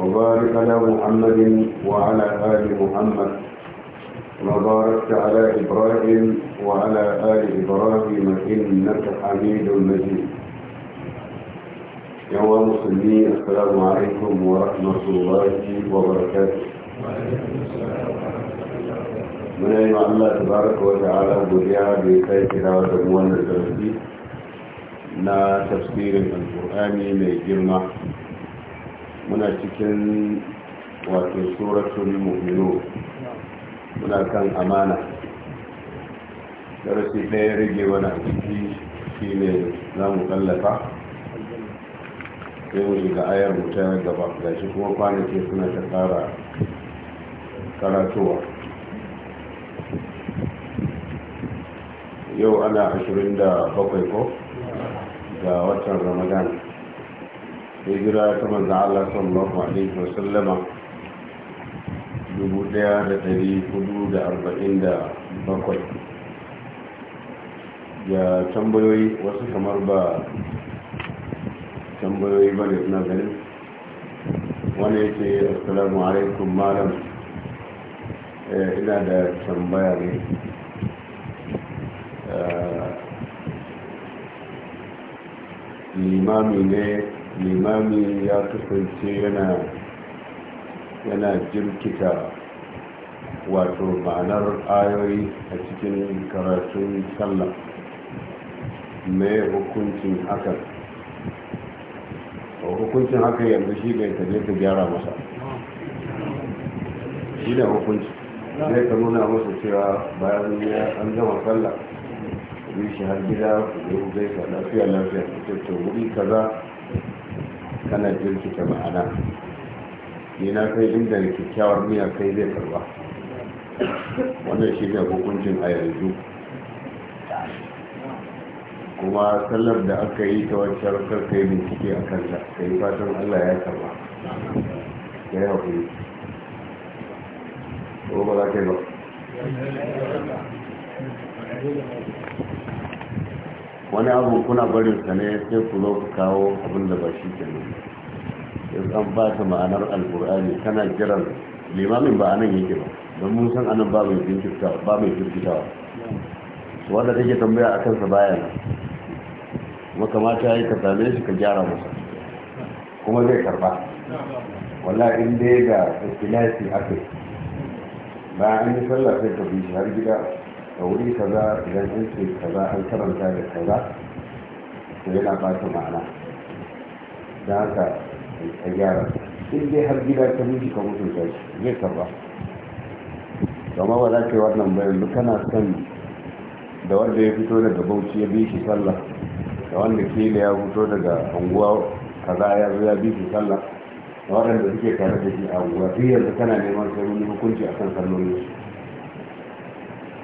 وبارك على محمد وعلى آل محمد وباركت على إبراهيم وعلى آل إبراهيم إنك حميد مجيد يا مسلمين السلام عليكم ورحمة الله وبركاته من أي الله تبارك وتعالى بريا بكي كراوة الموانا الزرزي نا تفسير القرآن من الجمع muna cikin wato suratul mu'minun muna kan amana darasi ɗaya rage wani a shi shine za mu tallafa sai mu shiga ayar mu ta gaba shi kuma kwanaki suna ta tsara karatuwa yau ana 27 ko ga watan ramadan hijira ta manzo Allah sallallahu alaihi wasallama dubu daya da dari hudu da arba'in da bakwai ya tambayoyi wasu kamar ba tambayoyi ba ne na ganin wani yake assalamu alaikum malam eh, ina da tambaya ne eh, limami ne limami ya kasance yana yana jirkita wato ma'anar ayoyi a cikin karatun sallah mai hukuncin hakan hukuncin hakan yanzu shi bai ta gyara masa shi ne hukunci zai ka nuna masa cewa bayan ya an gama sallah ku shi har gida ku zai ka lafiya lafiya ku ce to kaza kana jirkita ma'ana ne na kai inda kyakkyawar miya kai zai karba wannan shi ne hukuncin a yanzu kuma sallar da aka yi ta wancan rukar kai bincike a kanta ka yi fatan allah ya karba ya yi haƙuri ko ba za ka yi ba wani abu kuna barin sa ne sai ku zo ku kawo abin da ba shi kenan in an ba ta ma'anar alkur'ani kana jiran limamin ba anan yake ba don mun san anan ba mai jinkirtawa ba mai jinkirtawa wanda take tambaya akan sa baya nan kuma kamata yi ka same shi ka gyara masa kuma zai karba walla in dai ga ikhlasi akai bayan an yi sallah sai ka bi har gida a wuri kaza idan an ce kaza an karanta da kaza to yana ba ta ma'ana da haka a gyara in dai har gida ta miji ka mutunta shi zai karba kama ba za ka yi wannan bayan duk kana son da wanda ya fito daga bauchi ya bi shi sallah da wanda kila ya fito daga anguwa kaza ya zo ya bi shi sallah da waɗanda suke tare da shi a anguwa duk yanzu kana neman sai wani hukunci akan sallolin su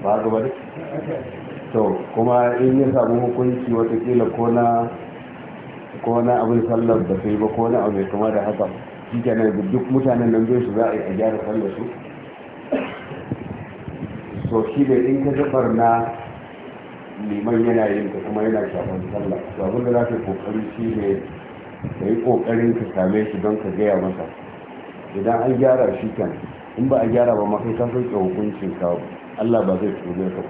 ba ga to kuma in yi samu hukunci watakila ko na ko na abin sallar da sai ba ko na abu mai kama da haka shi kenan duk mutanen nan zai su za a yi a gyara sallar su so shi ne in ka zabar na liman yana yin ka kuma yana shafar sallah to abin da za ka kokari shi ne ka yi kokarin ka same shi don ka gaya masa idan an gyara shi kan in ba a gyara ba ma kai ka sauke hukuncin ka Allah ba zai tsoge ka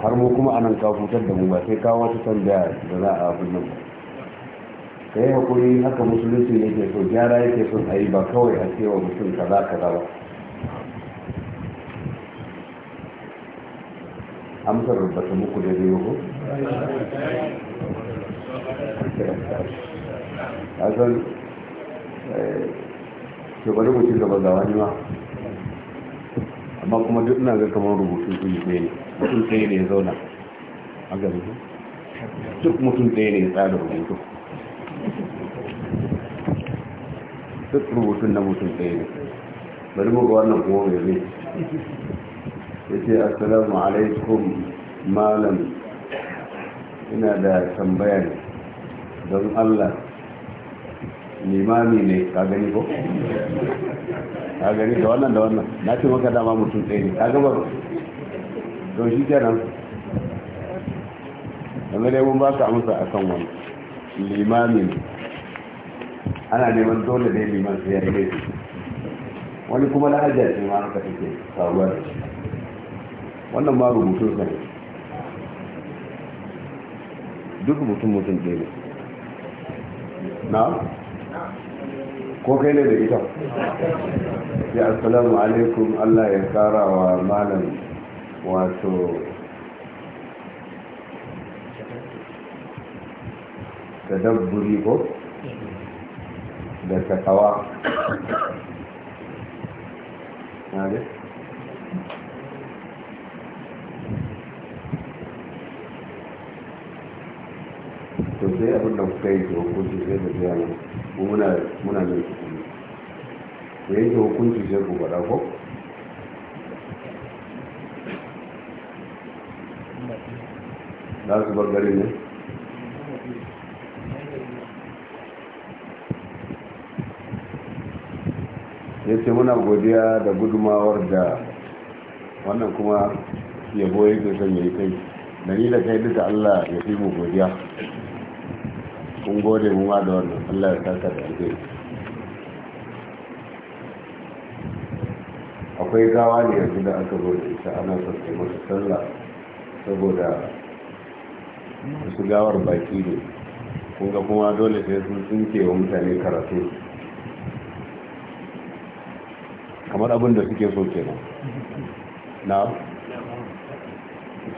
har mu kuma anan ka hutar da mu ba sai kawo wata tambaya da za a abin nan ka yi hakuri haka musulunci yake so gyara yake son ayi ba kawai a cewa mutum kaza kaza ba amsar rubuta muku da zai yi a san shugabar eh, mutum gaba da wani ma amma kuma duk ina zai kamar rubutun iri ɗaya ne mutum ɗaya ne ya zauna a gari duk mutum ɗaya ne ya tsara rubutu duk rubutun na mutum ɗaya ne bari mu ga wannan kuma mai ne ya ce assalamu alaikum malam ina da tambaya ne don allah limami ne ka gani ko ka gani da wannan da wannan na ce maka dama mutum ɗaya ne ka gaba to shi kenan da dai mun ba ka amsa a kan wani limami ne ana neman dole ne liman sai ya rage wani kuma hajjar ce ma haka take faruwa da shi wannan ma rubutun sa ne duk mutum mutum ɗaya ne na ko kai ne da ita ya assalamu alaikum allah ya kara wa malam wato da dabburi ko da takawa to sai abin da kuka yi ko kuka sai da biya ko muna da mai ne ko yake hukunci sai ku faɗa ko za su bar gari ne ya ce muna godiya da gudumawar da wannan kuma yabo yake son ya yi kai da ni da kai duka allah ya fi mu godiya mun gode mu ma da wannan Allah ya saka da alheri akwai gawa ne yanzu da aka zo da ita ana sauke masa sallah saboda wasu gawar baki ne ga kuma dole sai sun tsinke wa mutane karatu kamar abin da suke so kenan na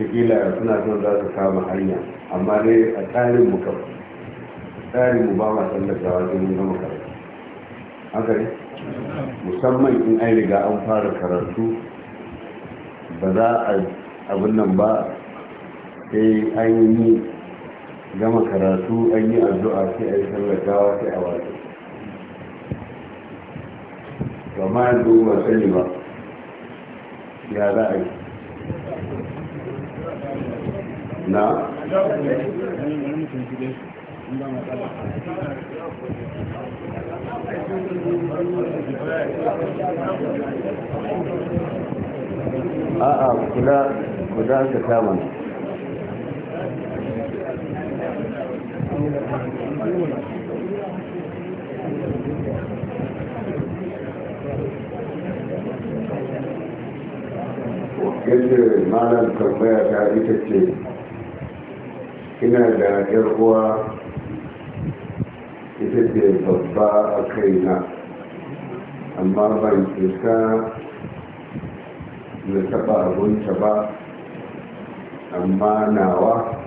kila suna son za su kama hanya amma dai a tsarin mukamman tsari mu ba ma da sai mun gama karatu aka yi musamman in an riga an fara karatu ba za a abin nan ba sai an yi gama karatu an yi addu'a sai a yi tsallakawa sai a wasu ba ma yanzu ba sani ba ya za a yi na a'a guda guda ka kama yadda malam tambaya ta ita ce ina da yar uwa ita ce babba a kaina amma ban isa na taɓa abunta ba amma nawa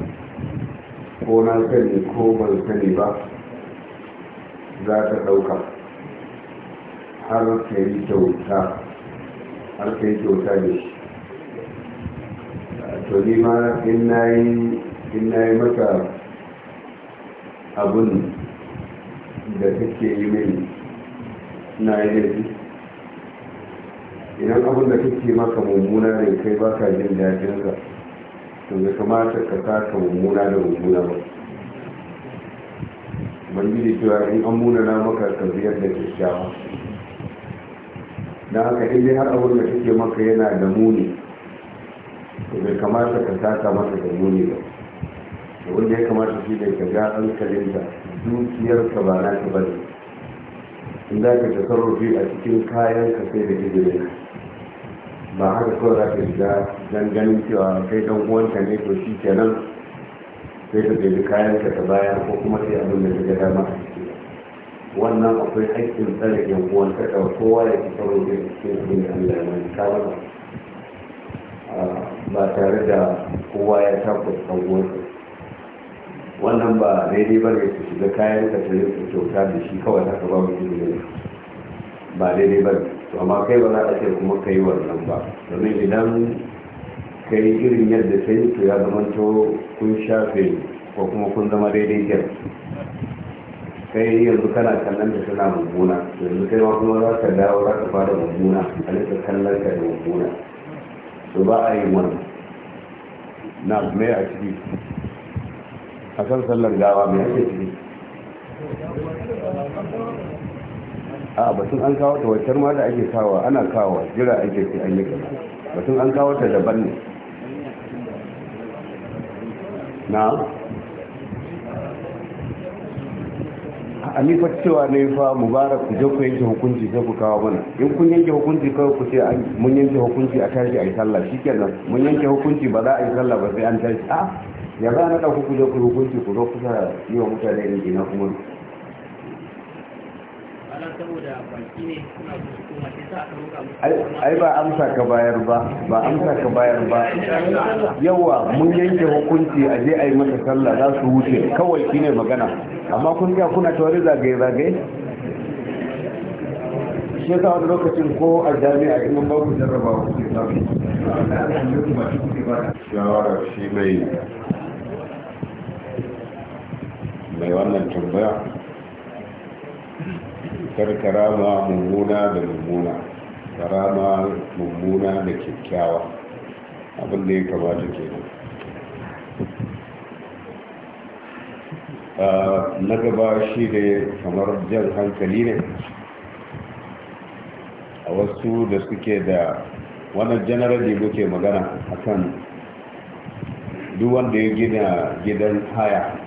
ko na sani ko ban sani ba za ta ɗauka har ka yi kyauta har ka yi kyauta da shi to ni ma in na yi mata abun da kake yi mini na yi idan abin da kake maka mummuna ne kai ba ka jin daɗin ka to ya kamata ka saka mummuna da mummuna ba ubangiji cewa in an muna na maka ka ziyar da kyakkyawa don haka in dai har abin da kake maka yana da muni to bai kamata ka saka masa da muni ba wanda ya kamata shi ne ka ga kalinta. dukiyar ka ba na ka bane in za ka tasarrufi a cikin kayan ka sai da izinin ba haka kawai za ka shiga dan ganin cewa kai dan uwanka ne to shi kenan sai ka ɗebi kayan ka ta baya ko kuma sai abin da ka ga dama a ciki wannan akwai haƙƙin tsare yan uwan ka kowa ya ci karo da cikin abin da Allah ya manta ah, ba tare da kowa ya tabbata uwan ka wannan ba daidai ba ne su shiga kayan ka ta su kyauta da shi kawai haka ba mu mutum ne ba daidai ba to amma kai ba za a ce kuma kai wannan ba domin idan kai irin yadda ta yi to ya zama to kun shafe ko kuma kun zama daidai kyau kai yanzu kana kallon da tana mummuna yanzu kai ma kuma za ka dawo za ka fara mummuna a lissa kallon ka da mummuna to ba a yi wannan na mai a ciki a kan sallar gawa mai ake ciki a batun an kawo ta wacce ma da ake kawo ana kawo jira ake sai an yi gaba batun an kawo ta daban ne na a nifa cewa na yi fa mubarak ku je ku yanke hukunci sai ku kawo mana in kun yanke hukunci kawai ku ce mun yanke hukunci a tashi a yi sallah shikenan mun yanke hukunci ba za a yi sallah ba sai an tashi a ya ba na ɗauku kuje ku hukunci ku zo kusa yi wa mutane injina kuma ai ba amsa ka bayar ba ba amsa ka bayar ba yawa mun yanke hukunci a je a yi masa sallah za su wuce kawai ne magana amma kun ga kuna tawari zagaye-zagaye shi yasa wani lokacin ko a jami'a in an baku jarrabawa kuke samu shawara shi mai mai wannan tambaya karkarama mummuna da mummuna karama mummuna da kyakkyawa abin da ya kamata ke ah, na gaba shi ne kamar jan hankali ne a wasu da suke da wannan janarali muke magana akan duk wanda ya gina gidan haya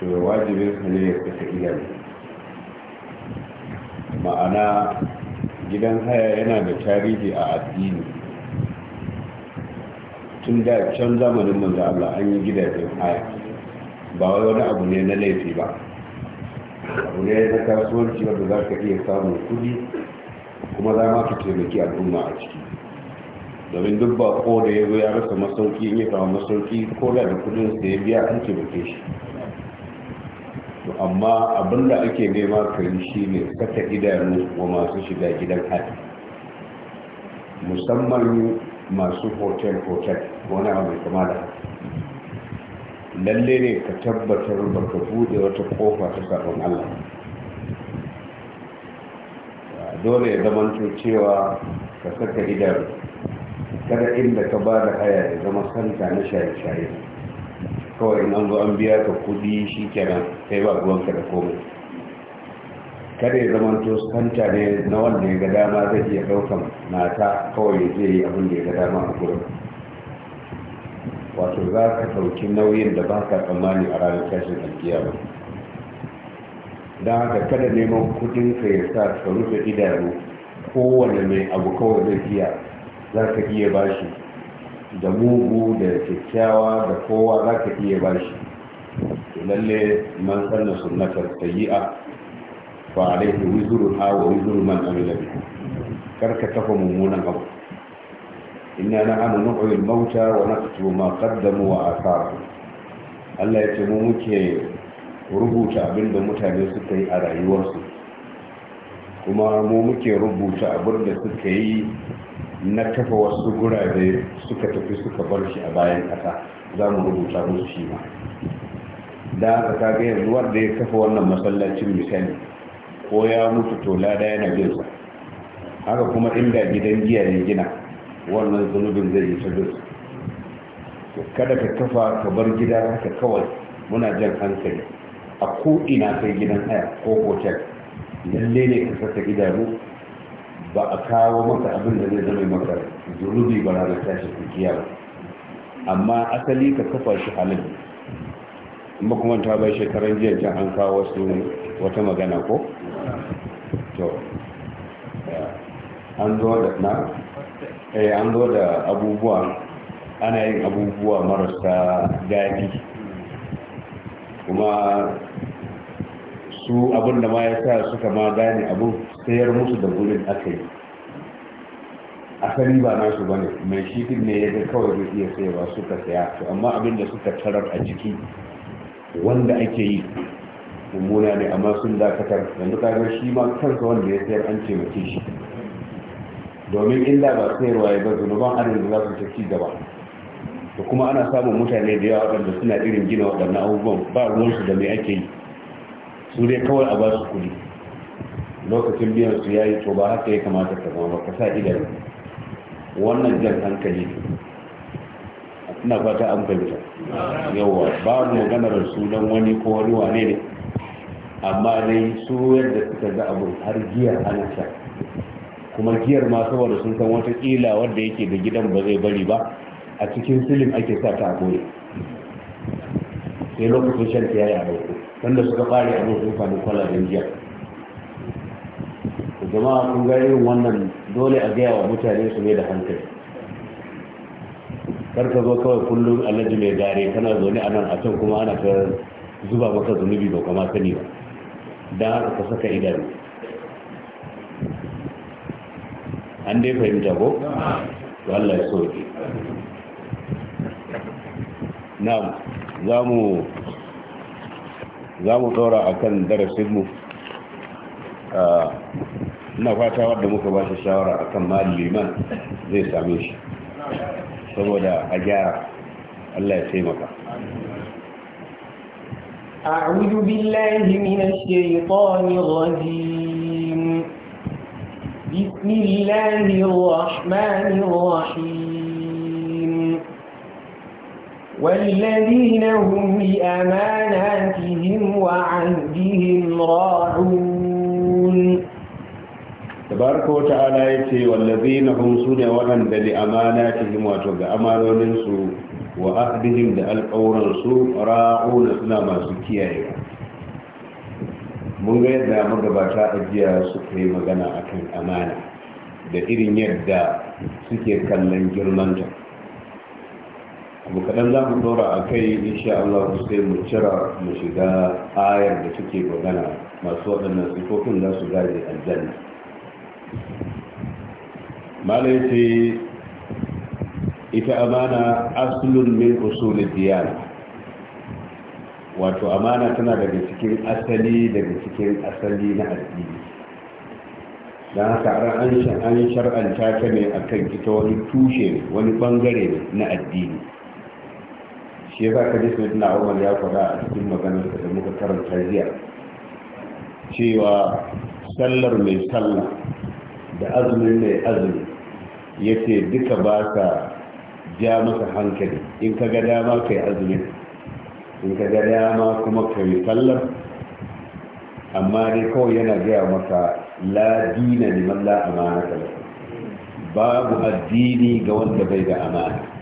to wajibin su ne ya kusa iyali ma'ana gidan haya yana da tarihi a addini tun da can zamanin manzo Allah an yi gidajen haya ba wai wani abu ne na laifi ba abu ne na kasuwanci wanda za ka iya samun kudi kuma za ma ka taimaki al'umma a ciki domin duk ba ko da ya zo ya rasa masauki in ya samu masauki ko da da kudin da ya biya an taimake shi to amma abinda ake nema kai shi ne saka idanu wa masu shiga gidan hadi musamman masu hotel-hotel wani abu kama da lalle ne ka tabbatar ba ka bude wata kofa ta sabon allah dole ya zamanto cewa ka saka idanu kada inda ka ba da haya ya zama santa na shaye-shaye kawai an zo an biya ka kudi shi kenan sai ba ruwanka da komai kada ya zama to santa ne na wanda ya ga dama zai iya daukan mata kawai zai yi abin da ya ga dama a gurin wato za ka ɗauki nauyin da ba ka tsammani a ranar tashin ba? don haka kada neman kudin ka ya sa ka rufe idanu kowane mai abu kawai zai iya za ka iya bashi da mugu da kyakkyawa da kowa za ka iya ba shi lalle man sanna sunnatar tayyi'a fa alaihi wizru ha wa wizru man amila bi karka kafa mummunan abu inna nu'i al mauta wa naktubu ma qaddamu wa atharu Allah ya ce mu muke rubuta abinda mutane suka yi a rayuwarsu kuma mu muke rubuta abinda suka yi na kafa wasu gurabe suka tafi suka bar shi a bayan kasa, za mu rubuta musu shi ma da aka kaga yanzu wanda ya kafa wannan masallacin misali ko ya mutu to lada yana bin haka kuma inda gidan giya ne gina wannan zunubin zai yi ta bin kada ka kafa ka bar gida haka kawai muna jan hankali a ko ina kai gidan haya ko hotel lalle ne ka sassa idanu ba a kawo maka abin da zai zama maka zurubi ba na tashi kukiya ba amma asali ka kafa shi halin in kuma ta bai shekaran jiya can an kawo wasu wata magana ko to eh, an zo da na eh an zo da abubuwa ana yin abubuwa marasa daɗi kuma su abin da ma ya sa suka ma gane abu? sayar musu da wurin aka yi asali ba nasu ba ne mai shi ne ya ga kawai zai iya sayarwa suka saya to amma abin da suka tarar a ciki wanda ake yi mummuna ne amma sun dakatar yanzu kaga shi ma kansa wanda ya sayar an taimake shi domin illa ba sayarwa ya ba zunuban adadin da za su ci gaba da kuma ana samun mutane da yawa waɗanda suna irin gina waɗannan abubuwan ba ruwansu da mai ake yi su dai kawai a ba su kuɗi lokacin biyan su yayi to ba haka ya kamata ka zama ka sa idanu wannan jan hankali ina fata an fahimta yawa mu maganar sunan wani ko wani wane ne amma dai su yadda suka ga abu har giyar ana kuma giyar ma saboda sun san wata kila wanda yake da gidan ba zai bari ba a cikin silim ake sa ta koya. sai lokacin shan ta yayi a ɗauko, wanda suka fara abin sun samu kwalaben giyar jama'a kun ga irin wannan dole a gaya wa mutane su ne da hankali karka zo kawai kullum alhaji mai gare kana zaune a nan a can kuma ana ta zuba maka zunubi ba kuma sani ba don haka ka saka idanu an dai fahimta ko? Allah ya soke na'am za mu za mu tsora a kan darasinmu ah, ina fata wadda muka ba shi shawara akan mali liman zai same shi saboda a gyara Allah ya taimaka أعوذ بالله من الشيطان الرجيم بسم الله الرحمن الرحيم والذين هم لأماناتهم وعهدهم راعون tabaraka wa ta'ala yace wallazina hum ne waɗanda li amanatihim wato ga amanonin wa ahdihim da alƙawuransu su ra'una suna masu kiyaye mun ga yadda magabata ajiya suka yi magana akan amana da irin yadda suke kallon girmanta abu kaɗan za mu ɗora a kai insha Allah ku sai mu cira mu shiga ayar da suke magana masu waɗannan sifofin za su gaje aljanna malai ce ita amana asulun min usulul diyana wato amana tana daga cikin asali daga cikin asali na addini don haka an shar'anta ta ne akan ita wani tushe wani bangare na addini shi ya za ka ji sai na umar ya kwada a cikin maganar da muka karanta jiya cewa sallar mai sallah da azumin mai azumi ya ce duka ba ka ja masa hankali in ka ga dama ka yi azumin in ka ga dama kuma ka yi sallar amma dai kawai yana gaya maka la dina liman la amana babu addini ga wanda bai da amana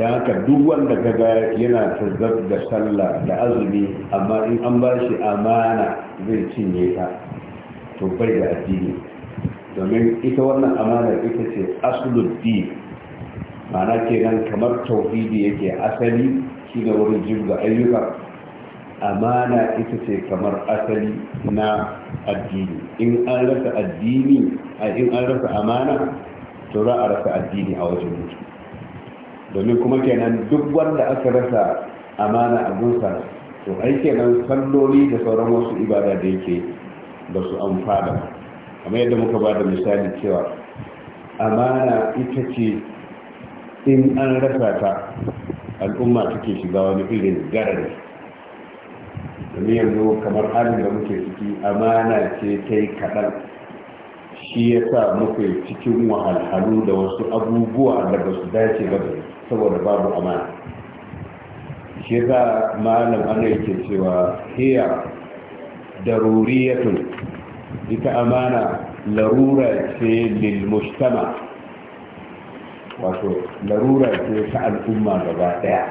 Da haka duk wanda ka ga yana tazzar da sallah da azumi amma in an ba shi amana zai cinye ta to bai da addini domin ita wannan amanar ita ce di mana kenan kamar tauhidi yake asali shi da wurin jirga ayyuka amana ita ce kamar asali na addini in an rasa addini a in an rasa amana to za a rasa addini a wajen mutu domin kuma kenan duk wanda aka rasa amana a gunsa to ai kenan salloli da sauran wasu ibada da yake ba su amfana kamar yadda muka ba da misali cewa amana ita ce in an rasa ta al'umma take shiga wani irin garari domin yanzu kamar halin da muke ciki amana ce ta yi kaɗan shi ya sa muke cikin wahalhalu da wasu abubuwa da ba su dace ba saboda babu amana shi ya sa malam ana yake cewa hiya daruriyatun ita amana larura ce lil wato larura ce ta al'umma gaba daya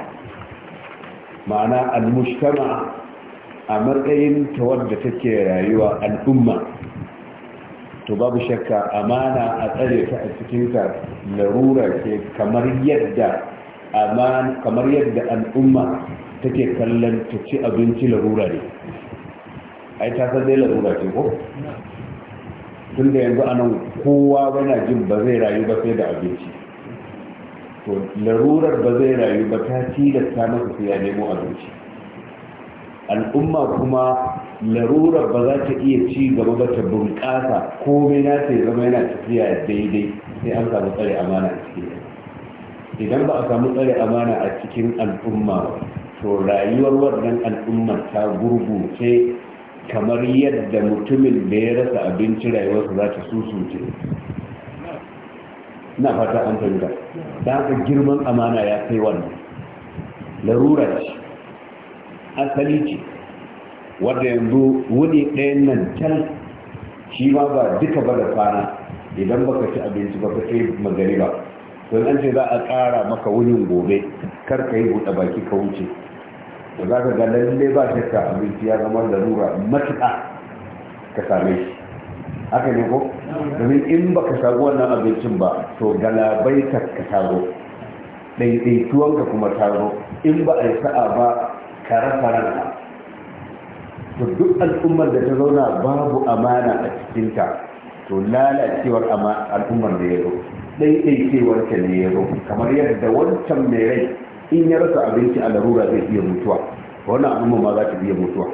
ma'ana almustama a matsayin ta wadda take rayuwa al'umma to babu shakka amana a tsare ta a cikin larura ce kamar yadda amana kamar yadda al'umma take kallon ta ci abinci larura ne ai ta san dai larura ce ko tun da yanzu anan kowa yana jin ba zai rayu ba sai da abinci to larurar ba zai rayu ba ta ci da tilasta masa sai ya nemo abinci al'umma kuma larurar ba za ta iya ci gaba ba ta bunƙasa komai na ta zama yana tafiya daidai sai an samu tsare amana a cikin idan ba a samu tsare amana a cikin al'umma to rayuwar wannan al'ummar ta gurguce kamar yadda mutumin da ya rasa abinci rayuwarsa za ta susuce na fata an fahimta da ga girman amana ya kai wannan larura ce asali ce wadda yanzu wuni ɗayan nan can shi ma ba duka ba da kwana idan baka ci abinci ba ka kai magari ba. don an ce za a ƙara maka wunin gobe kar ka yi buɗe baki ka wuce da za ka ga lalle ba shakka abinci ya zama rura matuƙa ka same shi haka ne ko domin in ba ka shago wannan abincin ba to galabai ka ka taro ɗaiɗaituwan ka kuma taro in ba a yi sa'a ba ka rasa ranka to duk al'ummar da ta zauna babu amana a cikinta to lalacewar al'ummar da ya zo ɗaiɗaicewar ta ne ya zo kamar yadda wancan mai rai in ya rasa abinci a larura zai iya mutuwa wannan al'umma ma za ta iya mutuwa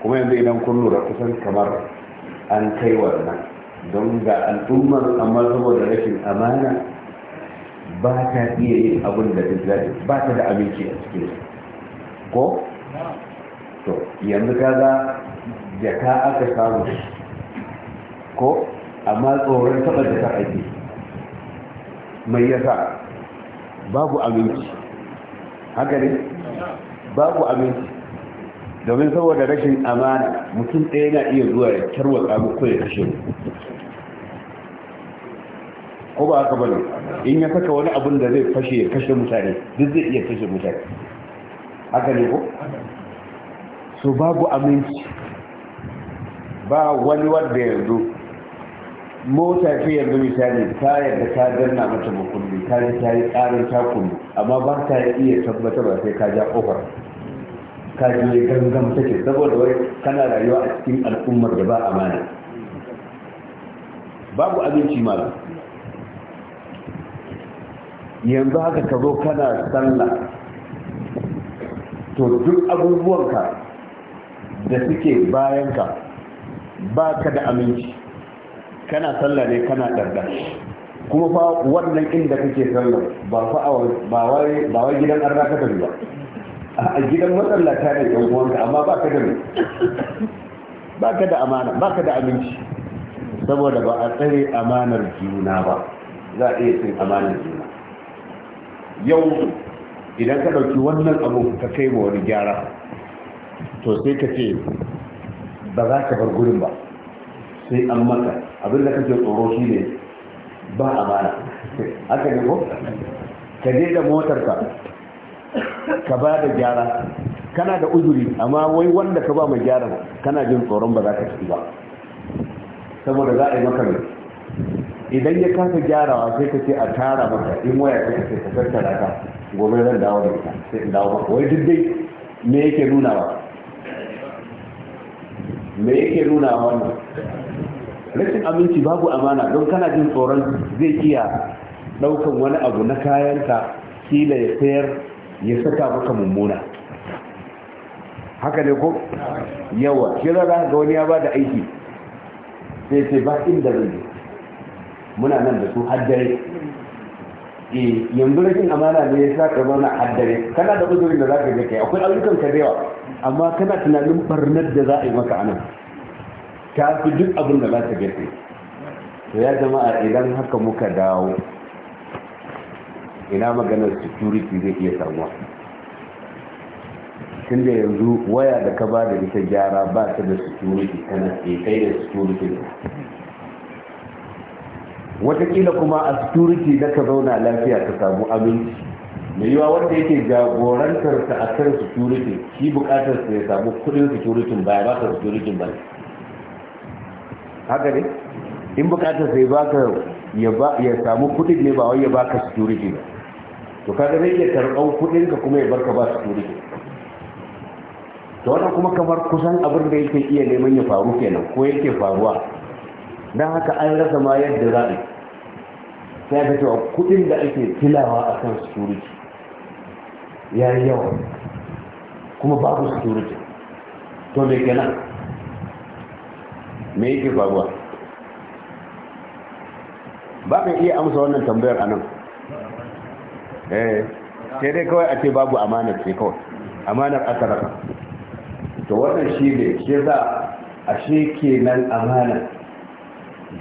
kuma yanzu idan kun lura kusan kamar an kai wannan don ga al'ummar amma saboda rashin amana ba ta iya yin abin da duk zai ba ta da abinci a cikin ko to yanzu ka ga jaka aka samu ko amma tsoron taɓa ta aiki? mai yasa babu abinci haka ne babu aminci domin saboda rashin amana mutum ɗaya na iya zuwa ya tarwatsa mu ko ya kashe mu ko ba haka bane in ya saka wani abun da zai fashe ya kashe mutane duk zai iya kashe mutane haka ne ko so babu aminci ba wani wanda ya zo mota fi yanzu misali ta yadda ta danna mata makulli ta yi ta yi ƙarin amma ba ta iya tabbatar ba sai ka ja kofar ka je gangan take saboda wai kana rayuwa a cikin al'ummar da ba amana babu abinci malam yanzu haka ka zo kana sallah to duk abubuwanka da suke bayanka ba ka da aminci kana sallah ne kana ɗarɗar kuma fa wannan inda kake sallah ba fa ba wai ba wai gidan arna ka tafi ba a gidan masallata ne ɗan uwanka amma ba ka da ba ka da amana ba ka da aminci saboda ba a tsare amanar juna ba za a iya cin amanar juna yau idan ka ɗauki wannan abu ka kai ma wani gyara to sai ka ce ba za ka bar gurin ba sai an maka abin da kake tsoro shi ne ba a amana haka ne ko ka je da motarka ka ba da gyara kana da uzuri amma wai wanda ka ba mai gyara kana jin tsoron ba za ka ci ba saboda za a yi maka ne idan ya kasa gyarawa sai ka ce a tara maka in waya ka ce ka tattara ka gobe zan dawo da ita sai in dawo maka wai duk dai me yake wa me yake nuna wannan rashin aminci babu amana don kana jin tsoron zai iya daukan wani abu na kayanka kila ya sayar ya saka maka mummuna haka ne ko yawa kira za ga wani ya ba da aiki sai sai ba inda zai muna nan da su haddare E, eh, yanzu rashin amana ne ya sa ka a haddare kana da uzurin da za ka je kai akwai ayyukan ka da yawa amma kana tunanin barnar da za a yi maka anan ta fi duk abin da za ta gafe to ya a idan haka muka dawo ina maganar security zai iya samuwa tun da yanzu waya da ka ba da ita gyara ba ta da security tana kai da security watakila kuma a security da ka zauna lafiya ka samu aminci mai yiwa wanda yake jagorantar ta a kan security shi bukatar ya samu kudin security ba ya ba ka security ba ne haka ne in bukatar sai baka ya samu kudin ne ba wai ya baka security ba to kaga ne iya karɓar kudin ka kuma ya barka ba security to wannan kuma kamar kusan abin da yake iya neman ya faru kenan ko yake faruwa dan haka an rasa ma yadda za a sai ka cewa kudin da ake tilawa akan security ya yi yawa kuma babu security to me kenan me yake faruwa ba ka iya amsa wannan tambayar a nan? eh sai dai kawai a ce babu amanar ce kawai amanar asaraka to wannan shi ne shi za a shi ke nan amana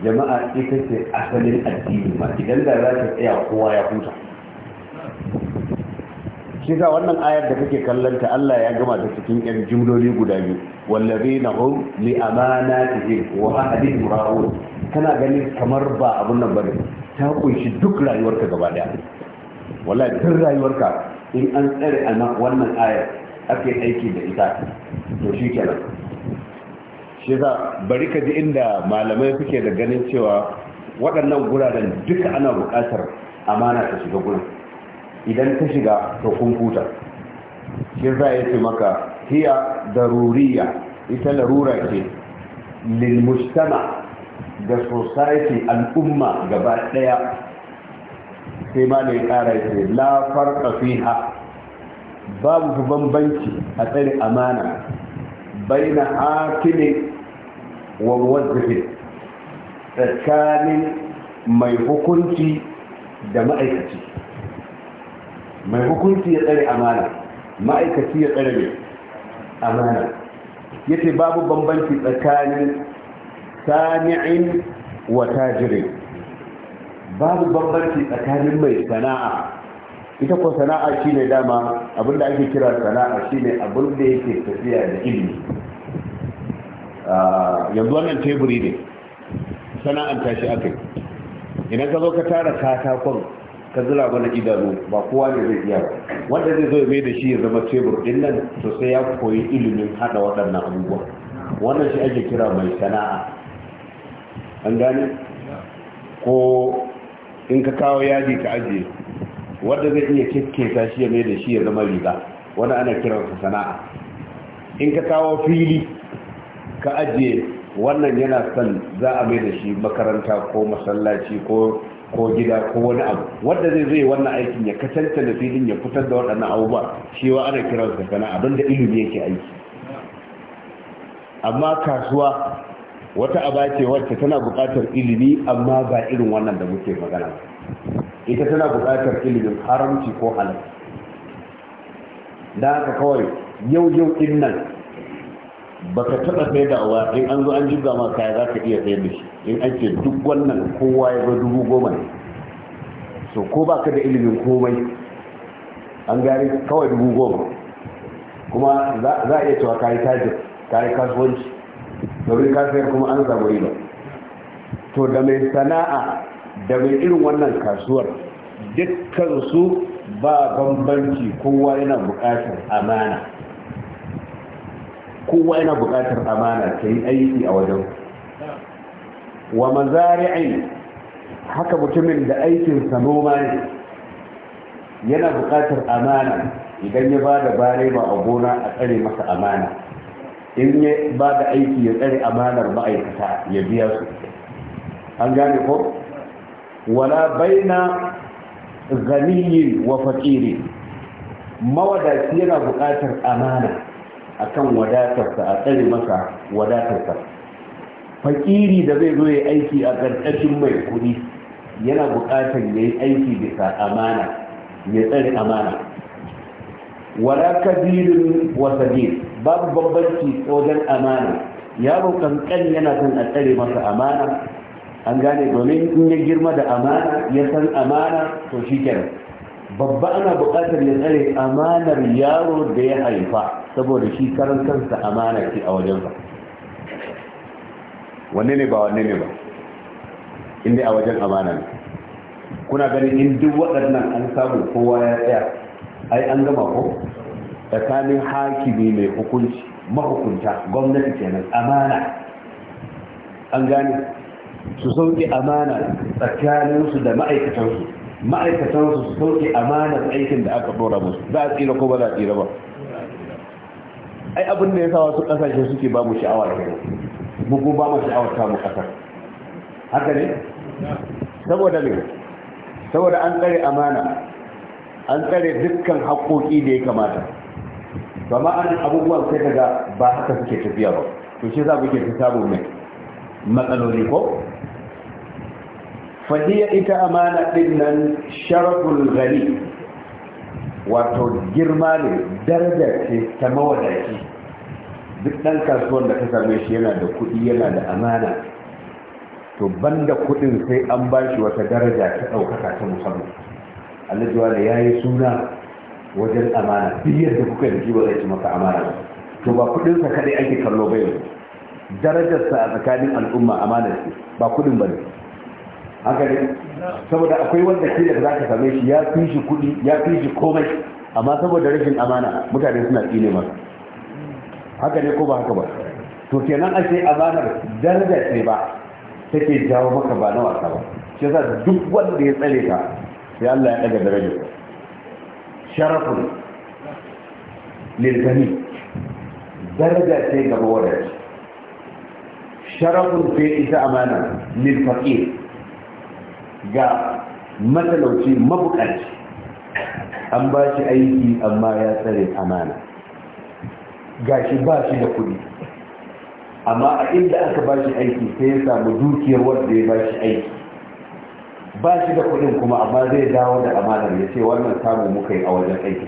jama'a ita ce asalin addini ma idan da za ta tsaya kowa ya huta shi wannan ayar da kake kallon ta Allah ya gama da cikin yan jumloli guda biyu wallazina hum li amanatihi wa ahdihim ra'un kana gani kamar ba abun nan bane ta kunshi duk rayuwarka gaba daya wallahi duk rayuwarka in an tsare ana wannan ayar ake aiki da ita to shi kenan shi za bari ka ji inda malamai suke da ganin cewa waɗannan guraren duka ana buƙatar amana ta shiga gurin idan ta shiga to kumfuta. huta shi za ya ce maka hiya daruriya ita larura ce lil ga society al'umma gaba daya sai ma ne kara ce la farqa fiha babu bambanci a tsarin amana baina hakimin wa muwazzifin tsakanin mai hukunci da ma'aikaci mai hukunci ya tsare amana ma'aikaci ya tsare mai amana ya ce babu bambanci tsakanin sami'in wa tajirin babu bambanci tsakanin mai sana'a ita ko sana'a shi ne dama abinda ake kira sana'a shi shine abinda yake tafiya da ilimi ah, yanzu wannan teburi ne sana'an tashi aka yi idan ka zo ka tara katakon ka zura mana idanu ba kowa ne zai iya wanda zai zo mai da shi ya zama tebur din nan to sai ya koyi ilimin hada waɗannan abubuwa wannan shi ake kira mai sana'a an gane ko in ka kawo yaji ka ajiye wanda zai iya kekkesa shi ya mai da shi ya zama riga wani ana su sana'a in ka kawo fili ka ajiye wannan yana son za a mai da shi makaranta ko masallaci ko ko gida ko wani abu wanda zai zai wannan aikin ya kasance da filin ya fitar da waɗannan abubuwa cewa ana kiran da gana abin da ilimi yake aiki amma kasuwa wata aba ce wacce tana buƙatar ilimi amma ba irin wannan da muke magana ita tana buƙatar ilimin haramci ko halal da haka kawai yau yau din nan baka taɓa sai da awa in an zo an jibga ma kaya za ka iya sai da shi in an ce duk wannan kowa ya ga dubu goma ne so ko ba ka da ilimin komai an gari kawai dubu goma kuma za a iya cewa kayi tajir kayi kasuwanci domin kasayar kuma an samu riba to da mai sana'a da mai irin wannan kasuwar dukkan su ba bambanci kowa yana buƙatar amana kowa yana buƙatar amana ta yi aiki a wajen wa mazari'in haka mutumin da aikinsa noma ne yana buƙatar amana idan ya ba da bare ba a gona a tsare masa amana in ya ba da aiki ya tsare amanar ma'aikata ya biya su an gane ko wala baina ganiyin wa fakiri mawadaci yana buƙatar amana akan wadatarsa a tsare masa wadatarsa fakiri da zai zo ya aiki a ƙarƙashin mai kuɗi yana buƙatar ya yi aiki bisa amana ya tsare amana wala kabirin wasabir babu bambanci wajen amana yaro kankan yana son a tsare masa amana an gane domin in ya girma da amana ya san amana to shi kenan babba ana buƙatar ya tsare amanar yaro da ya haifa saboda shi karan kansa amana ce a wajensa wanne ne ba wanne ne ba inda a wajen amana ne kuna ganin in duk waɗannan an samu kowa ya tsaya ai an gama ko tsakanin hakimi mai hukunci mahukunta gwamnati kenan amana an gane su sauke amana tsakaninsu da ma'aikatansu ma'aikatansu su sauke amana aikin da aka dora musu za a tsira ko ba za a tsira ba ai abin da ya sa wasu kasashe suke ba mu sha'awa da gani mu ba mu sha'awar ta mu kasar haka ne saboda me saboda an tsare amana an tsare dukkan haƙoƙi da ya kamata ba an abubuwan sai daga ba haka suke tafiya ba to shi za ke ta samu mai matsaloli ko fahiyar ita amana ɗin nan sharaful gari wato girma ne daraja ce ta mawadaci duk ɗan kasuwan da ka same shi yana da kuɗi yana da amana to banda kuɗin sai an ba shi wata daraja ta ɗaukaka ta musamman alajuwa da ya yi suna wajen amana duk yadda kuka da ba zai ci maka amana to ba kuɗinsa kaɗai ake kallo bai darajarsa a tsakanin al'umma amana ce ba kuɗin ba ne haka ne saboda akwai wanda ke da za ka same shi ya fi shi kudi ya fi shi komai amma saboda rashin amana mutane suna tsine ma haka ne ko ba haka ba to kenan ashe amanar daraja ce ba take jawo maka ba na wasa ba shi yasa duk wanda ya tsare ka sai Allah ya daga daraja sharafun lilgani daraja ce ga mawadaci sharafun fi ita amana lilfaqir ga matalauci mabukaci an ba shi aiki amma ya tsare amana ga shi ba shi da kudi amma a inda aka ba shi aiki sai ya samu dukiyar wanda ya ba shi aiki ba shi da kudin kuma amma zai dawo da amanar ya ce wannan samun muka yi a wajen aiki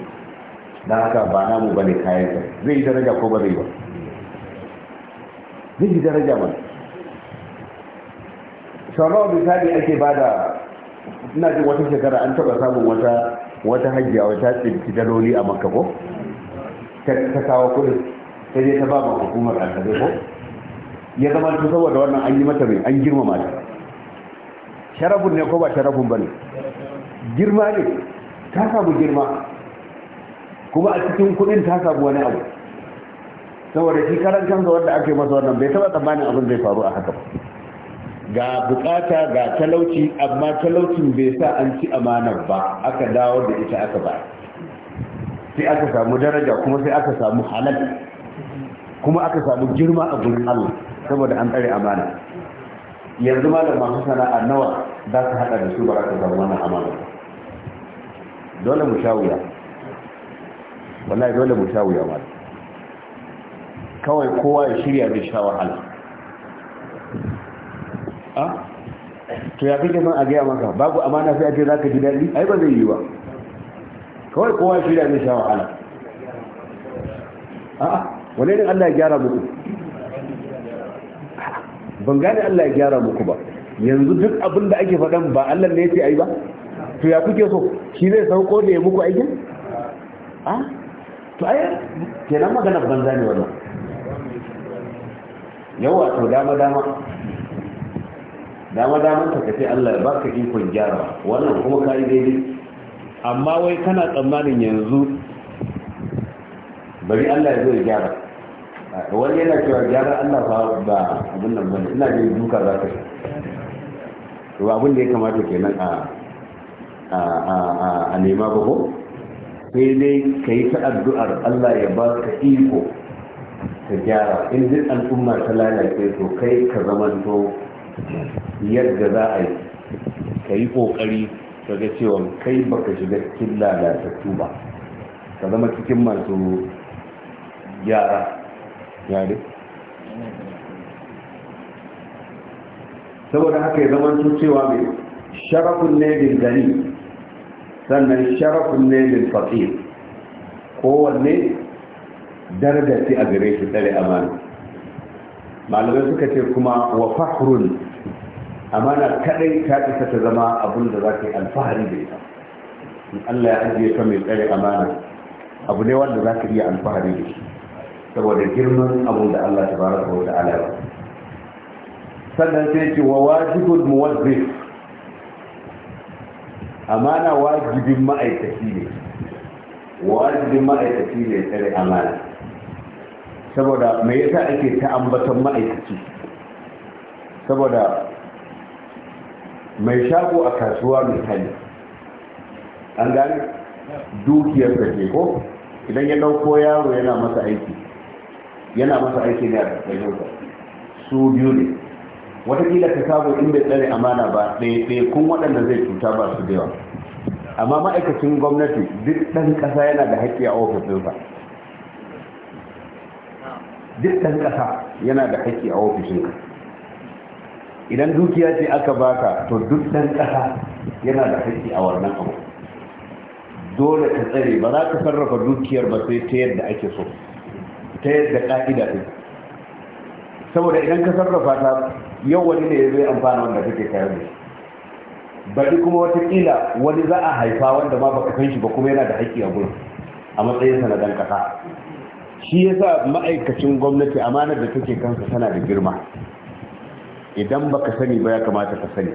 don haka ba namu ba ne kayan zai yi daraja ko ba zai ba zai yi daraja mana shawara misali ake bada ina jin wata shekara an taba samun wata wata hajjiya wata tsinci daloli a makka ko ta kawo kudin sai dai ta ba ma hukumar alhazai ko ya zama su saboda wannan an yi mata mai an girmama ta sharafin ne ko ba sharafin ba ne girma ne ta samu girma kuma a cikin kudin ta samu wani abu saboda shi karan canza wanda ake masa wannan bai taba tsammanin abin zai faru a haka ba ga bukata ga talauci amma talaucin bai sa an ci amanar ba aka dawo da ita aka ba sai aka samu daraja kuma sai aka samu halal kuma aka samu girma a gurin Allah saboda an tsare amana yanzu malam masu sana'a nawa za su hada da su ba aka samu wannan amana dole mu sha wuya wallahi dole mu sha wuya kawai kowa ya shirya da sha wahala to ya kake son a gaya maka babu amana sai a ce za ka ji daɗi ai ba zai yi ba kawai kowa shi da zai sha wahala a wane ne Allah ya gyara muku ban gane Allah ya gyara muku ba yanzu duk abin da ake faɗan ba Allah ne ya ce ai ba to ya kuke so shi zai sauko da ya muku aikin a to ai kenan magana banza ne wannan yawa to dama dama dama daman ka kace Allah ya baka ikon gyara wannan kuma kai daidai amma wai kana tsammanin yanzu bari Allah ya zo ya gyara wani yana cewa gyara Allah fa ba abin nan bane ina jin duka za ka to abin da ya kamata kenan a a a a nema ba ko sai dai kai ta addu'ar Allah ya baka iko ka gyara in duk al'umma ta lalace to kai ka zamanto yadda za a yi ka yi ƙoƙari ga cewa kai baka shiga cikin lalatattu ba ka zama cikin masu gyara yare saboda haka ya zama su cewa mai sharafin ne bin gani sannan sharafin ne bin faƙir kowanne darajarci a gare shi tsare amani. malamai suka ce kuma wa fahrun amana kadai ta isa ta zama abin da za ta yi alfahari da ita in Allah ya ajiye ka mai tsare amana abu ne wanda za ka iya alfahari da shi saboda girman abin da Allah ta baraka wa ta'ala ya sannan sai ce wa wajibul muwazzif amana wajibin ma'aikaci ne wajibin ma'aikaci ne tsare amana saboda me yasa ake ta ambatan ma'aikaci saboda mai shago a kasuwa misali an gane dukiyar da ce idan ya ɗauko yaro yana masa aiki yana masa aiki ne a ƙarƙashin su biyu ne watakila ka sabo in bai tsare amana ba ɗaya kun waɗanda zai cuta ba su da yawa amma ma'aikacin gwamnati duk ɗan ƙasa yana da haƙƙi a ofisinsa duk ɗan ƙasa yana da haƙƙi a ofishinka idan dukiya ce aka baka to duk ɗan kasa yana da haƙƙi a wannan abu dole ka tsare ba za ka sarrafa dukiyar ba sai ta yadda ake so ta yadda ƙa'ida ɗin saboda idan ka sarrafa ta yau wani ne ya zai amfana wanda kake kayar da shi bari kuma watakila wani za a haifa wanda ma baka san shi ba kuma yana da haƙƙi a gurin a matsayin sa na dan kasa shi yasa ma'aikacin gwamnati amanar da take kansa tana da girma idan ba ka sani ba ya kamata ka sani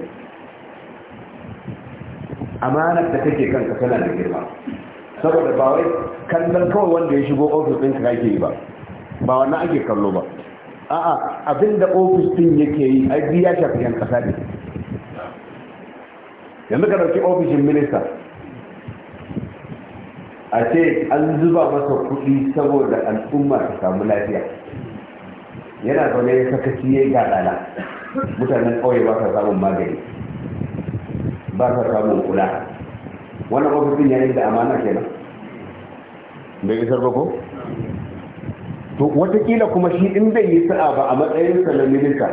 amanar da kake kanka tana da girma saboda ba wai kallon kawai wanda ya shigo ofis ɗin ka yake yi ba ba wannan ake kallo ba a'a abinda ofis ɗin yake yi ai biya shafi yan ƙasa ne yanzu ka dauki ofishin minista a ce an zuba masa kuɗi saboda al'umma ta samu lafiya yana zaune ya sakaci ya yi gaɗala mutanen kauye ba ka samun magani ba ka samun kula wannan ofisin yayin da amana kenan bai isar ba ko to watakila kuma shi in bai yi sa'a ba a matsayin na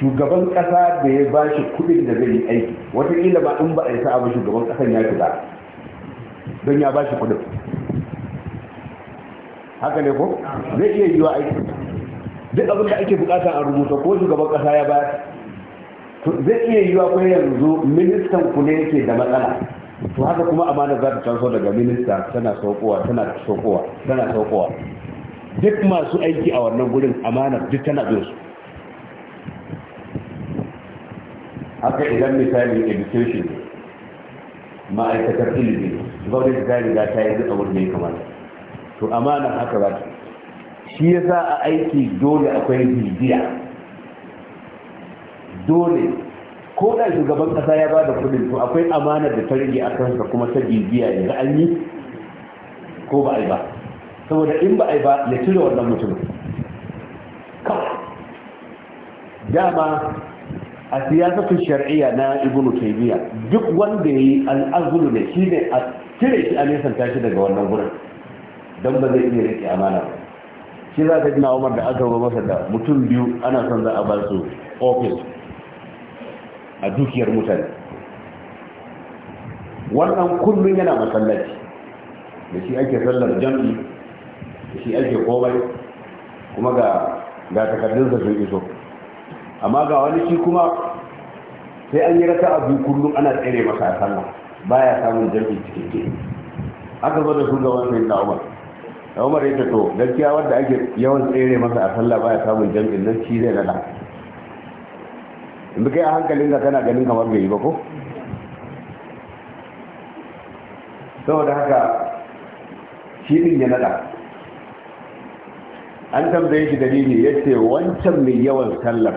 shugaban kasa da ya ba shi kudin da zai yi aiki watakila ba in ba a yi sa'a ba shugaban kasan ya shiga don ya ba shi kudin haka ne ko zai iya yi wa aiki duk abin da ake bukata a rubuta ko shugaban kasa ya ba zai iya yiwa ko yanzu ministan ku ne yake da matsala to haka kuma amana za ta taso daga minista tana saukowa tana saukowa tana saukowa duk masu aiki a wannan gurin amana duk tana zo su haka idan misali education ma'aikatar ilimi gwamnati ta riga ta yi zuwa wurin da ya kamata to amana haka za ta shi ya sa a aiki dole akwai bibiya dole ko da shugaban kasa ya ba da kudin to akwai amana da ta a kansa kuma ta bibiya ya an yi ko ba a yi ba saboda in ba a yi ba ya cire wannan mutum dama a siyasatun shari'a na ibnu taymiya duk wanda yayi al'azulu ne shine a cire shi a nesanta shi daga wannan gurin don ba zai iya rike amana ba shi za ka gina umar da aka ruwa masa da mutum biyu ana son za a ba su ofis a dukiyar mutane wannan kullum yana masallaci da shi ake sallar jam'i da shi ake komai kuma ga ga takardunsa sun iso amma ga wani shi kuma sai an yi a abu kullum ana tsere masa a sallar baya samun jam'i cikin ke aka zo da shugaban sai na umar umar ya to gaskiya wanda ake yawan tsere masa a sallah baya samun jam'in nan shi zai nada in kai a hankalin ka kana ganin kamar bai yi ba ko saboda haka shi din ya nada an tambaye shi dalili ya ce wancan mai yawan sallar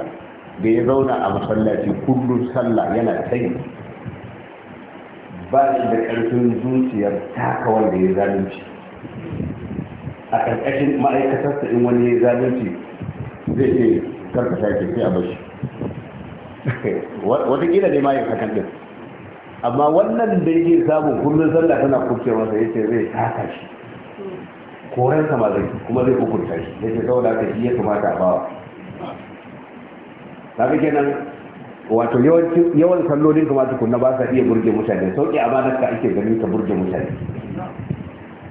da ya zauna a masallaci kullum sallah yana tsayi ba shi da ƙarfin zuciyar taka wanda ya zalunci a ƙarƙashin ma'aikatarsa in wani ya zalunci zai ce karkasha ke sai a bashi wataƙila ne ma yin ɗin amma wannan da yake samun kullum sallah tana kurce masa ya ce zai taka shi koren ma zai kuma zai hukunta shi ya ce saboda haka shi ya kamata a bawa ta kenan wato yawan sallolin kuma tukunna ba sa iya burge mutane sauƙi amanar ka ake ganin ta burge mutane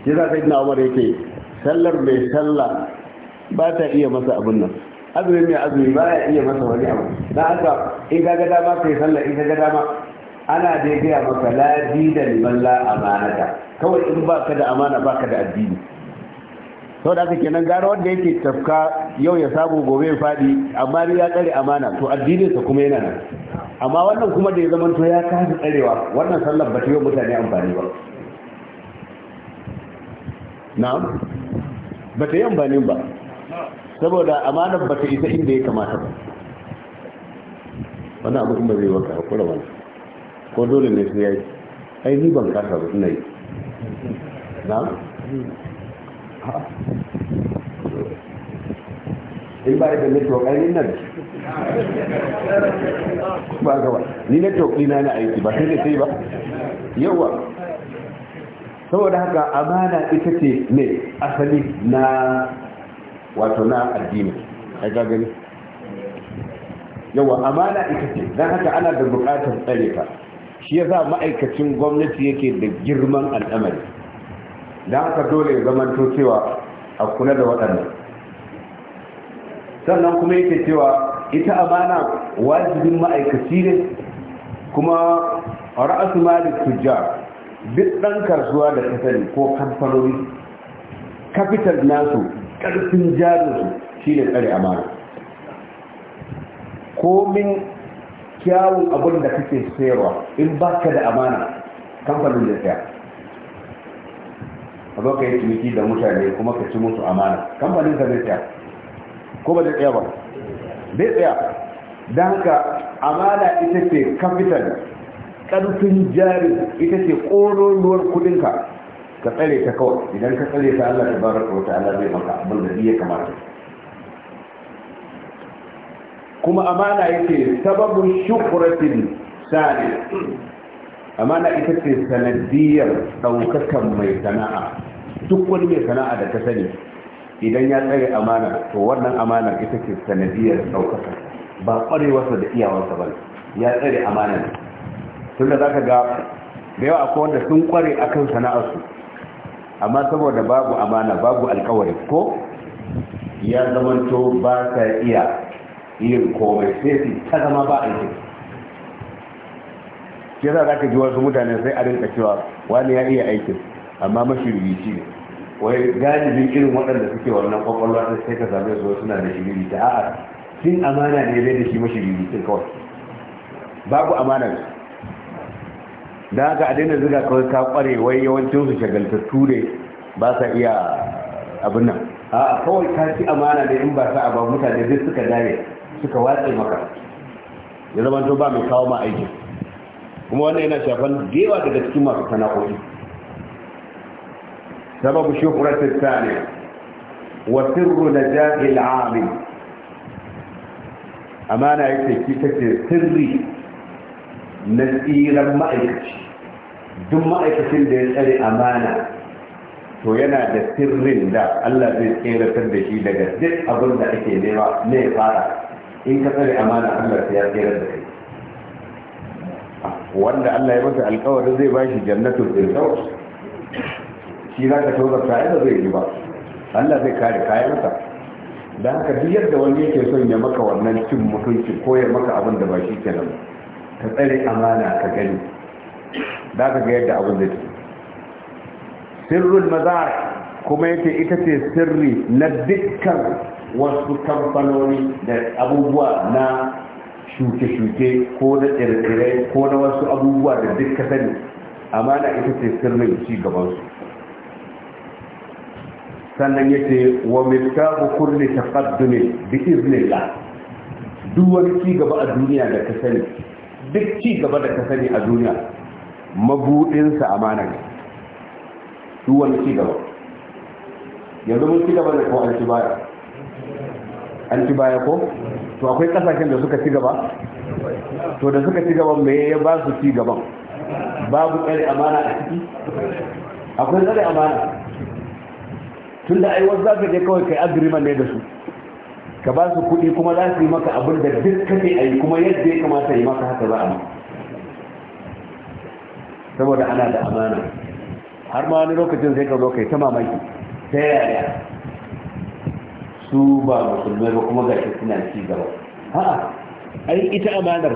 shi za ka yi na umar yake sallar mai salla ba ta iya masa abin nan azumi mai azumi ba ya iya masa wani abu na haka in ga gada ma kai sallah in ga gada ma ana dai gaya maka la da liman la amanata kawai in ba ka da amana ba ka da addini sau da aka kenan gara wanda yake tafka yau ya samu gobe ya faɗi amma ya tsare amana to addininsa kuma yana nan amma wannan kuma da ya zama to ya kasa tsarewa wannan sallar ba ta yi mutane amfani ba na'am ba ta yi amfanin ba saboda amanar ba ta isa inda ya kamata ba wani abu ba zai waka hakura wani ko dole ne su yayi ai ni ban kasa ba ina yi na in ba da ne ai ni nan ba gaba ni network ɗina na aiki ba sai ne sai ba yawa saboda haka amana ita ce ne asali na wato na addini ai ga gani yawa amana ita ce don haka ana da bukatar tsare ta shi ya sa ma'aikacin gwamnati yake da girman al'amari don haka dole ya zamanto cewa a kula da waɗannan sannan kuma yake cewa ita amana wajibin ma'aikaci ne kuma ra'asu malik tujjar duk ɗan karsuwa da kasari ko kamfanoni kafital nasu ƙarfin jarinsu shi ne tsare amana komin kyawun abin da kake sayarwa in ba ka da amana kamfanin da siya a zo ka yi ciniki da mutane kuma ka ci musu amana kamfanin ka zai saya ko ba zai tsaya ba zai tsaya don ka amana ita ce kafital ƙarfin jari ita ce ƙororuwar kudinka ka tsare ta kawai idan ka tsare ta Allah ta baraka wa ta'ala zai maka abin da ya kamata kuma amana yake sababin shukratin sani amana ita ce sanadiyar ɗaukakan mai sana'a duk wani mai sana'a da ka sani idan ya tsare amana to wannan amana ita ce sanadiyar ɗaukaka ba ƙwarewarsa da iyawarsa ba ya tsare amana tunda za ka ga da yawa akwai wanda sun kware akan sana'arsu amma saboda babu amana babu alkawari ko ya zamanto ba sa iya yin komai sai su ta zama ba a yi ke za ka ji wasu mutane sai a rinka cewa wani ya iya aikin amma mashirwici ne wai galibin irin waɗanda suke wannan kwakwalwa ta sai ka same su suna da shi ta a'a sun amana ne zai da shi mashirwicin kawai babu amana da haka a daina zuga kawai ta kware wai yawancin su shagaltattu ne ba sa iya abin nan a kawai ka ci amana da in ba sa a ba mutane duk suka dare suka watse maka ya zama to ba mai kawo ma aiki kuma wannan yana shafan da yawa daga cikin masu sana'o'i sababu shi shukurar ne wa sirru na jahil amin amana yake ki ce sirri na tsiran ma'aikaci duk ma'aikacin da ya tsare amana to yana da sirrin da Allah zai tseratar da shi daga duk abin da ake nema ne fara in ka tsare amana Allah sai ya tserar da kai wanda Allah ya masa alƙawarin zai ba shi jannatul firdaus shi za ka tozar ta da zai yi ba Allah zai kare kayan masa da haka duk yadda wani yake son ya maka wannan cin mutunci ko ya maka abin da ba shi kenan ba ka tsare amana ka gani za ka ga yadda abin zai sirrul mazar kuma yake ita ce sirri na dukkan wasu kamfanoni da abubuwa na shuke-shuke ko na tsirrai ko na wasu abubuwa da dukka sani amana ita ce sirrin ci gabansu sannan ya ce wa miftahu kulli taqaddumin bi iznillah duk wani ci gaba a duniya da ka sani duk ci gaba da ka sani a duniya mabudinsa amana ne duk wani ci gaba yanzu mun ci gaba da ko an ci baya an ci baya ko to akwai kasashen da suka ci gaba to da suka ci gaba me ya ba su ci gaban babu tsare amana a ciki akwai tsare amana tun da aiwar za ka je kawai kai agreement ne da su ka ba su kuɗi kuma za su yi maka abin da duk ne a yi kuma yadda ya kamata yi maka haka za a maka saboda ana da amana har ma wani lokacin zai ka kai ta mamaki ta yaya su ba musulmai ba kuma gashi suna ci gaba a'a ai ita amanar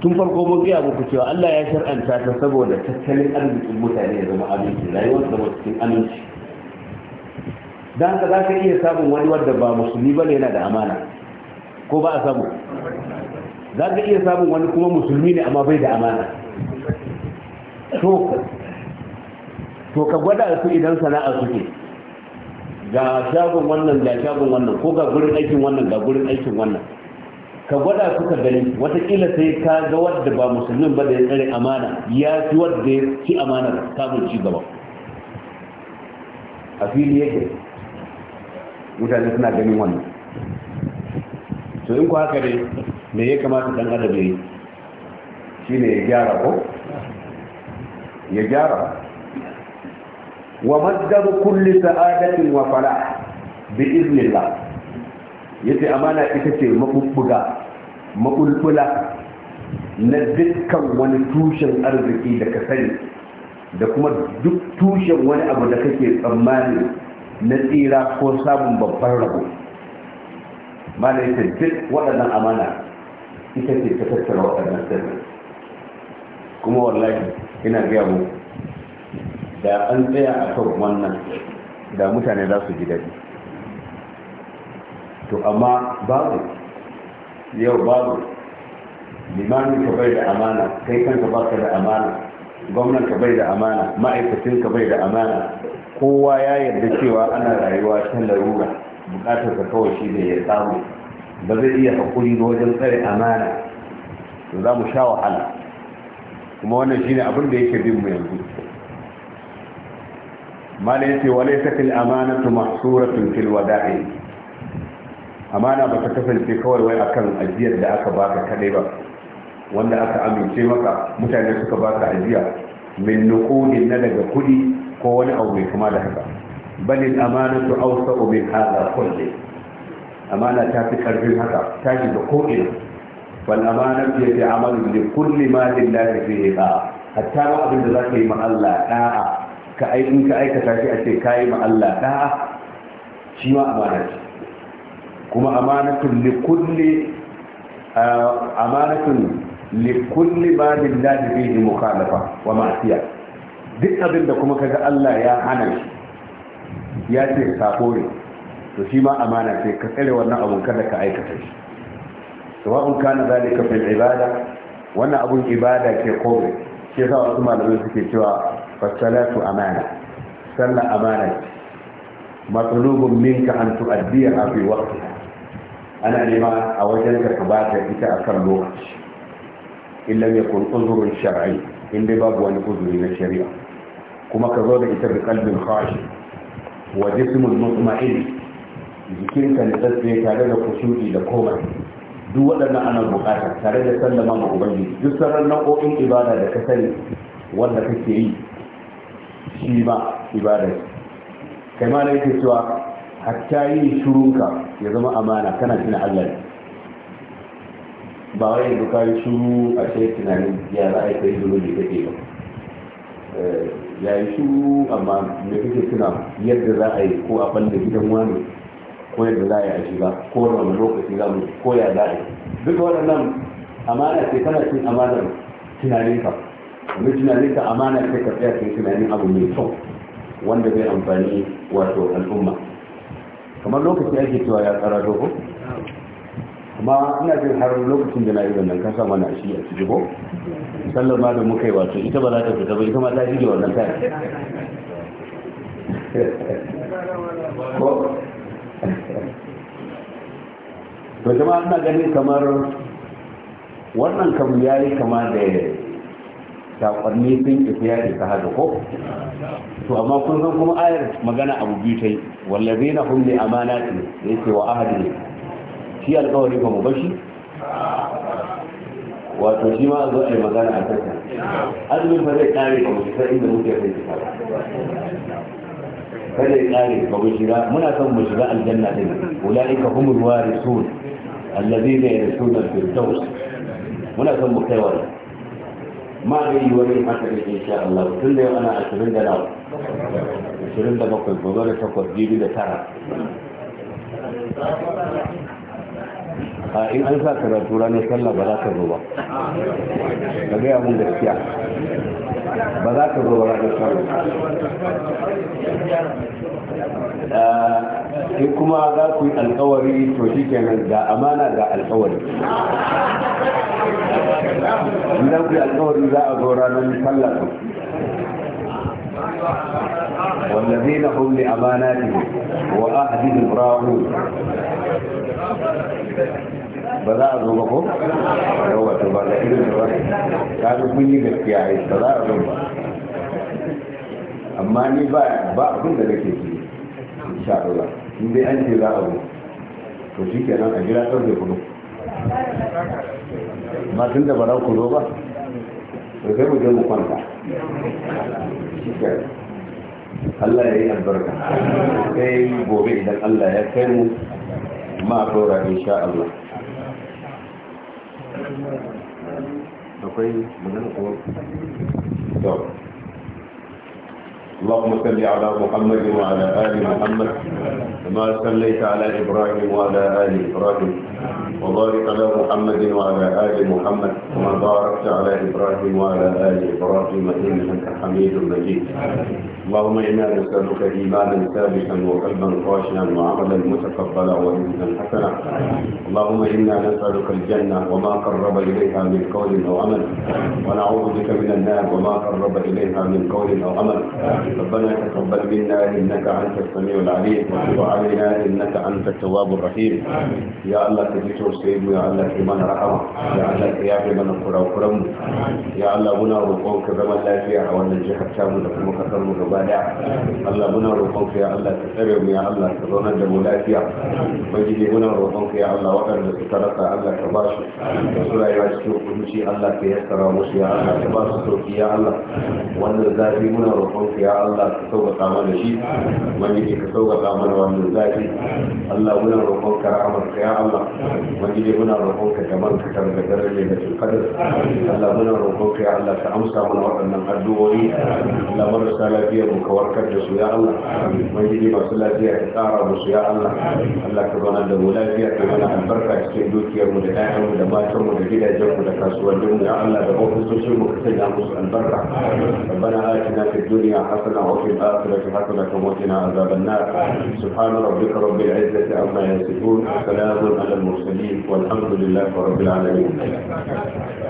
tun farko mun gaya muku cewa Allah ya shar'anta ta saboda tattalin arzikin mutane ya zama aminci rayuwar zama cikin aminci don ka za ka iya samun wani wadda ba musulmi ba ne yana da amana ko ba a samu za ka iya samun wani kuma musulmi ne amma bai da amana to ka gwada su idan sana'a suke ga shagon wannan ga shagon wannan ko ga gurin aikin wannan ga gurin aikin wannan ka gwada su ka gani watakila sai ka ga wadda ba musulmin ba da ya tsare amana ya fi wadda ya ci amanar samun ci gaba a fili yake mutane suna ganin wannan to in ku haka ne me ya kamata dan adam Shi ne ya gyara ko ya gyara wa maddaru kulli sa'adatin wa falah bi iznillah yace amana ita ce mabubbuga mabulbula na dukkan wani tushen arziki da ka sani da kuma duk tushen wani abu da kake tsammani na tsira ko samun babban rabo mana ita duk waɗannan amana ita ce ta tattara waɗannan sirri kuma wallahi ina gaya mu da an tsaya a kan wannan da mutane za su ji daɗi to amma babu yau babu limamin ka bai da amana kai kanka baka da amana gwamnan ka bai da amana ma'aikacin ka bai da amana kowa ya yarda cewa ana rayuwa ta larura bukatar ka kawai shi ne ya samu ba zai iya hakuri ba wajen tsare amana za mu sha wahala kuma wannan shine abin da yake bin mu yanzu mala yace walai sakil amanatu mahsuratun fil wada'i amana ba ta kasance kawai wai akan ajiyar da aka baka kadai ba wanda aka amince maka mutane suka baka ajiya min nuqudin na daga kudi ko wani abu mai kuma da haka balil amanatu awsa'u min hadha kulli amana ta fi karfin haka ta shiga ko ina wal amana bi ta'amalu li kulli ma lillahi fihi ba hatta ma abin da za ka yi ma Allah da'a ka ai ka aikata shi a ce ka yi ma Allah da'a shi ma amana ce kuma amanatun li kulli amanatun li kulli ma lillahi fihi mukhalafa wa ma'siyah duk abin da kuma kaga Allah ya hana shi ya ce sako ne to shi ma amana ce ka tsere wannan abun kada ka aikata shi sawa'un kana zalika fil ibada wannan abun ibada ke kome, shi yasa wasu malamai suke cewa Salatu amana sallah amana ce matsalubun minka an tu'addiya a fi waqtiha ana nema a wajen ka ka bata ita akan lokaci illam yakun uzrun shar'i in dai babu wani uzuri na shari'a kuma ka zo da ita da kalbin khashi wa jismul mutma'in jikinka ne tare da kushuri da komai duk waɗannan ana bukata tare da sallama ma ubangiji duk sauran nau'o'in ibada da ka sani wanda kake yi shi ba ibada kai ma da yake cewa hatta yi shurunka ya zama amana kana tuna Allah ne ba wai da ka yi shuru a ce tunanin ya za a yi kai zuru ne kake ba eh, ya yi shuru amma da kake tuna yadda za a yi ko a balle gidan wani ko yadda za a yi a shiga ko wani lokaci za mu ko ya za a yi duk waɗannan amana ce kana cin amanar tunanin ka amma tunanin ka amana ce ka tsaya cin tunanin abu mai kyau wanda zai amfani wato al'umma kamar lokaci ake cewa ya tsara dogo amma ina jin har lokacin da na yi wannan kasa mana shi a ciki ko sallar ma da muka yi wato ita ba za ta fita ba ita ma ta shige wannan kai ko to jama'a ina ganin kamar wannan kam ya yi kama da sakonni sun isa ya isa haka ko to amma kun san kuma ayar magana abu biyu ta yi wallazina hum li amanati yake wa ahadin shi alkawari ba mu bashi wato shi ma zo a yi magana a kansa azumin fa zai kare ba mu shiga inda muke kai kisa. ba kada ya kare ba mu shiga muna son mu shiga aljanna din ulaika humul warisun allazina yarsuna al-firdaus muna son mu kai wani. ma zai yi wani haka da insha Allah tun da yau ana ashirin da nawa ashirin da bakwai gobe da takwas jibi da tara a in an sa karatu ranar sallah ba za ka zo ba ka gaya mun gaskiya ba za ka zo ba ranar sallah in kuma za ku yi alkawari to shi kenan ga amana ga alkawari in za ku yi alkawari za a zo ranar sallah والذين هم لأماناتهم وأهدهم راعون ba za a zo ba ko yawa to ba da irin da ba ta zo kun yi gaskiya ai ba za a zo ba amma ni ba ba abin da nake ji insha Allah in dai an ce za a zo to shi kenan a jira ɗauke kudu ba tun da ba za ku zo ba to sai mu je mu kwanta shi kenan Allah ya yi albarka sai gobe idan Allah ya kai mu ma dora insha Allah akwai magana kuma اللهم صل على محمد وعلى آل محمد كما صليت على إبراهيم وعلى آل إبراهيم وبارك على محمد وعلى آل محمد كما باركت على إبراهيم وعلى آل إبراهيم إنك حميد مجيد اللهم إنا نسألك إيمانا ثابتا وقلبا خاشعا وعملا متقبلا ورزقا حسنا اللهم إنا نسألك الجنة وما قرب إليها من قول أو عمل ونعوذ بك من النار وما قرب إليها من قول أو عمل ربنا تقبل منا انك انت السميع العليم وتب علينا انك انت التواب الرحيم يا الله تجيتو سيدنا يا الله من رحمه يا الله في من القرآن يا الله بنا روحك زمن لا في ولا الجهة كامل لكم كرم الربادع الله بنا روحك يا الله تسرم يا الله تظن الجمولات يا فيها وجدي منا يا الله وقد سترك الله تباش وسورة يا سيوك مشي الله تيسر ومشي يا الله تباش يا الله وأن الزافي منا روحك يا Allah ka sauƙaƙa da shi wani ka sauƙaƙa da wannan zafi Allah muna roƙon ka rahamar ka ya Allah wani ne muna roƙon ka gaban ka kan da darajar da tukadar Allah muna roƙon ka ya Allah ka amsa mana waɗannan addu'o'i Allah marasa lafiya mu ka warkar da su ya Allah wani ne masu lafiya ka tsara musu ya Allah Allah ka zauna da mu lafiya ka mana albarka cikin dukiyar mu da ƴaƴan mu da matan mu da gidajen mu da kasuwannin mu ya Allah da ofisoshin mu ka sanya musu albarka ربنا آتنا في الدنيا حسنة حسنة وفي الآخرة حسنة وقنا عذاب النار سبحان ربك رب العزة عما يصفون سلام على المرسلين والحمد لله رب العالمين